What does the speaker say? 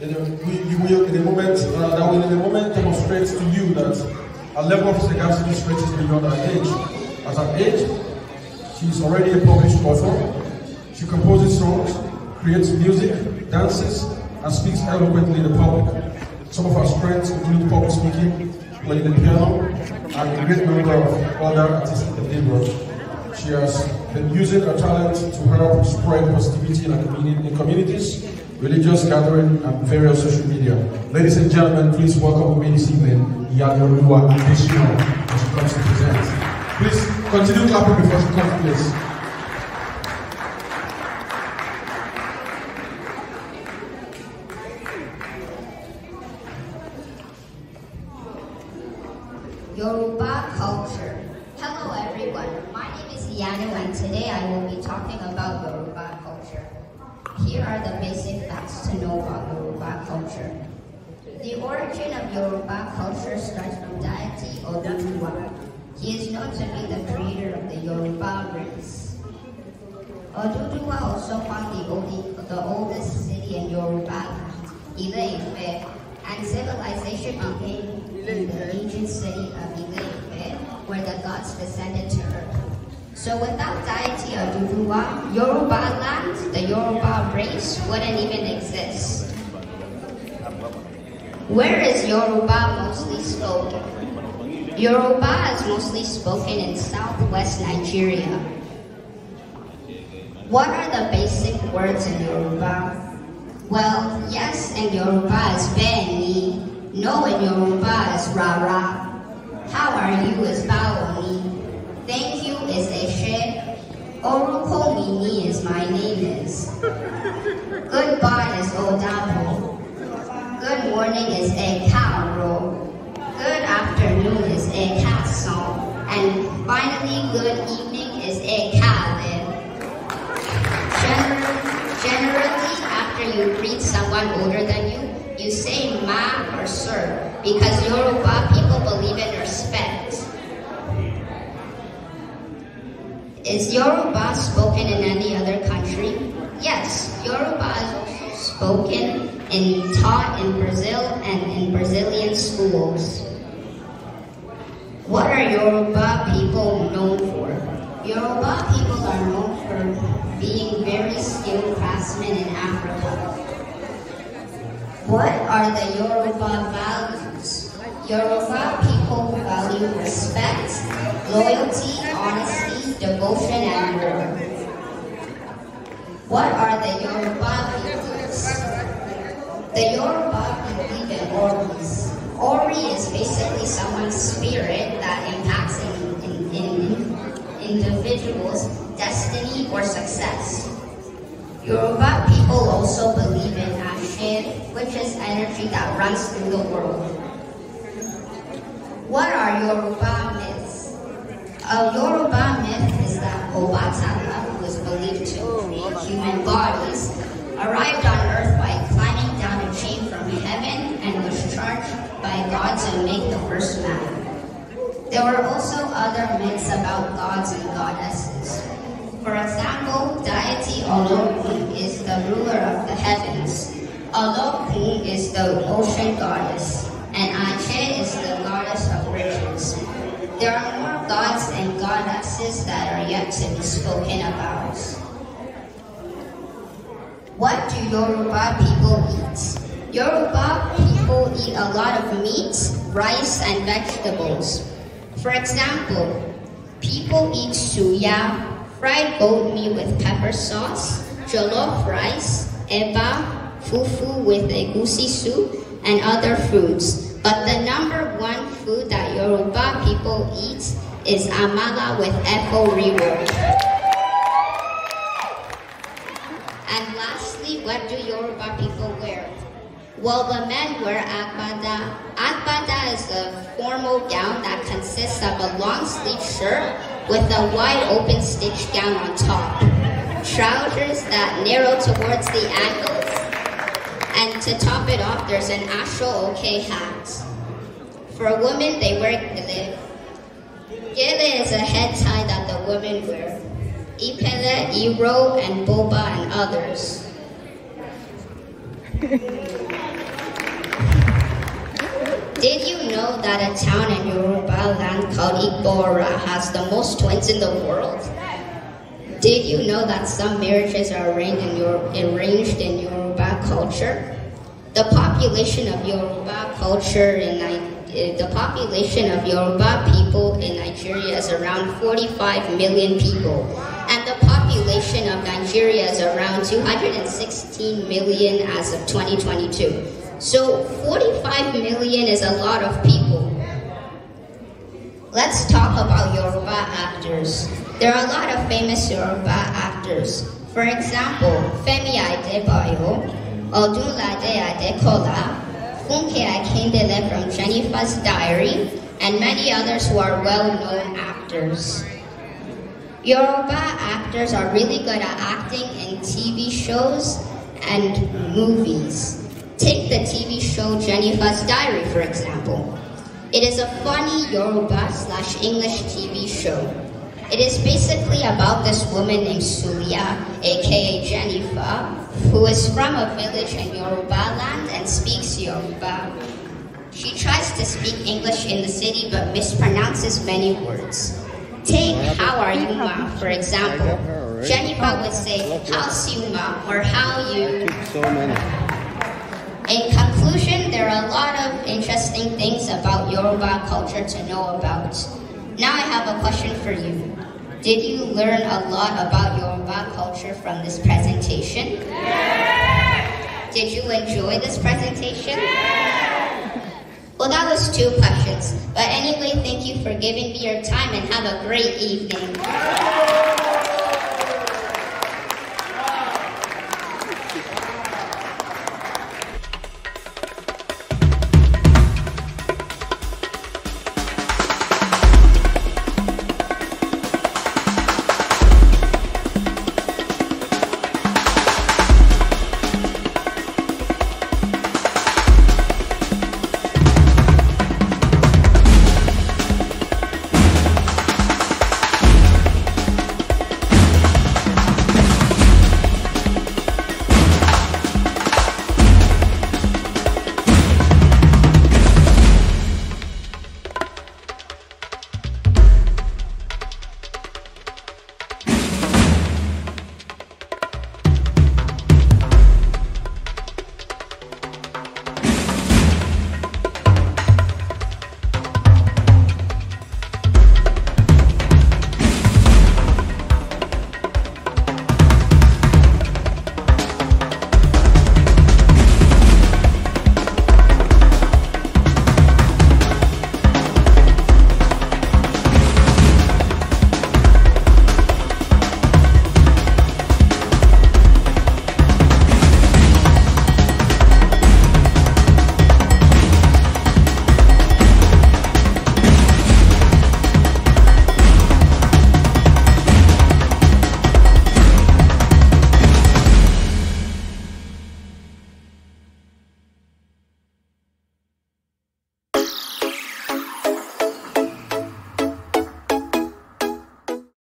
you will in a moment, uh, that will in a moment demonstrate to you that a level of psychiatry stretches beyond her age. At her age, she is already a published author. She composes songs, creates music, dances, and speaks eloquently to the public. Some of her strengths include public speaking, playing the piano, and a great number of other artistic endeavors. She has been using her talent to help spread positivity in, in communities religious gathering, and various social media. Ladies and gentlemen, please welcome me this evening, Yadolua Adesina, as she comes to present. Please continue clapping before she comes, please. Yoruba culture. Hello everyone, my name is Yanu and today I will be talking about Yoruba culture. Here are the basic facts to know about Yoruba culture. The origin of Yoruba culture starts from deity Oduduwa. He is known to be the creator of the Yoruba race. Oduduwa also found the, the oldest city in Yoruba, Ile-Ife, and civilization began in the ancient city of Ile-Ife, where the gods descended to earth. So without deity Oduduwa, Yoruba land wouldn't even exist. Where is Yoruba mostly spoken? Yoruba is mostly spoken in southwest Nigeria. What are the basic words in Yoruba? Well, yes in Yoruba is Beni, no in Yoruba is Rara. How are you is Baoni, thank you is Eshe, Oh, don't call me my name is. Goodbye is old apple. Good morning is a cow roll. Good afternoon is a cat song. And finally, good evening is a cabin. Generally, generally, after you greet someone older than you, you say ma or sir because Yoruba people believe in Is Yoruba spoken in any other country? Yes, Yoruba is also spoken and taught in Brazil and in Brazilian schools. What are Yoruba people known for? Yoruba people are known for being very skilled craftsmen in Africa. What are the Yoruba values? Yoruba people value respect, loyalty, honesty, devotion, and more. What are the Yoruba beliefs? The Yoruba believe in Oris. Ori is basically someone's spirit that impacts in, in, in individuals' destiny or success. Yoruba people also believe in Ashin, which is energy that runs through the world. What are Yoruba myths? myth is that Obatala, who is believed to create oh, human bodies, arrived on earth by climbing down a chain from heaven and was charged by God to make the first man. There were also other myths about gods and goddesses. For example, deity Olokun is the ruler of the heavens. Olokun is the ocean goddess, and Ache is the goddess of riches. There are more gods and goddesses that are yet to be spoken about. What do Yoruba people eat? Yoruba people eat a lot of meat, rice, and vegetables. For example, people eat suya, fried goat meat with pepper sauce, jollof rice, eba, fufu with a goosey soup, and other foods. But the number one food that Yoruba people eat is amala with efo riro. And lastly, what do Yoruba people wear? Well, the men wear agbada. Agbada is a formal gown that consists of a long sleeve shirt with a wide open stitch gown on top. Trousers that narrow towards the ankle and to top it off, there's an astral okay hat. For women, they wear gele. Gele is a head tie that the women wear. Ipele, Iro, and Boba, and others. Did you know that a town in Yoruba land called Ibora has the most twins in the world? Did you know that some marriages are arranged in, arranged in Yoruba culture? The population of Yoruba culture in eh, the population of Yoruba people in Nigeria is around 45 million people, and the population of Nigeria is around 216 million as of 2022. So 45 million is a lot of people. Let's talk about Yoruba actors. There are a lot of famous Yoruba actors. For example, Femi Adebayo, Odulade Adekola, Funke Akindele from Jennifer's Diary, and many others who are well-known actors. Yoruba actors are really good at acting in TV shows and movies. Take the TV show Jennifer's Diary, for example. It is a funny Yoruba slash English TV show. It is basically about this woman named Surya, aka Jennifer, who is from a village in Yoruba land and speaks Yoruba. She tries to speak English in the city but mispronounces many words. Take how are you ma, for example. Jennifer would say, how's you ma, or how you. In conclusion, there are a lot of interesting things about Yoruba culture to know about. Now I have a question for you. Did you learn a lot about Yoruba culture from this presentation? Yeah. Did you enjoy this presentation? Yeah. Well, that was two questions. But anyway, thank you for giving me your time and have a great evening.